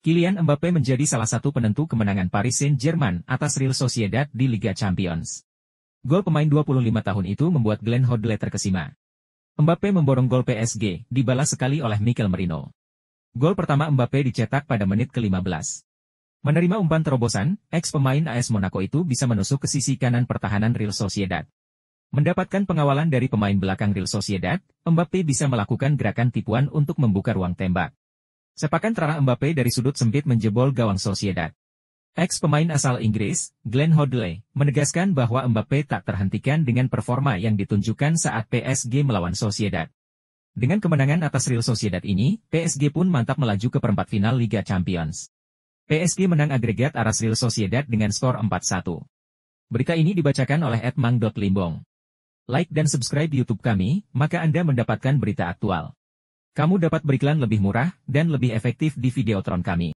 Kylian Mbappe menjadi salah satu penentu kemenangan Paris Saint-Germain atas Real Sociedad di Liga Champions. Gol pemain 25 tahun itu membuat Glenn Hoddle terkesima. Mbappe memborong gol PSG, dibalas sekali oleh Mikel Merino. Gol pertama Mbappe dicetak pada menit ke-15. Menerima umpan terobosan, ex-pemain AS Monaco itu bisa menusuk ke sisi kanan pertahanan Real Sociedad. Mendapatkan pengawalan dari pemain belakang Real Sociedad, Mbappe bisa melakukan gerakan tipuan untuk membuka ruang tembak. Sepakan Trara Mbappe dari sudut sempit menjebol gawang Sociedad. Ex pemain asal Inggris, Glenn Hoddle, menegaskan bahwa Mbappe tak terhentikan dengan performa yang ditunjukkan saat PSG melawan Sociedad. Dengan kemenangan atas Real Sociedad ini, PSG pun mantap melaju ke perempat final Liga Champions. PSG menang agregat aras Real Sociedad dengan skor 4-1. Berita ini dibacakan oleh Edmang.limbong. Like dan subscribe YouTube kami, maka Anda mendapatkan berita aktual. Kamu dapat beriklan lebih murah dan lebih efektif di Videotron kami.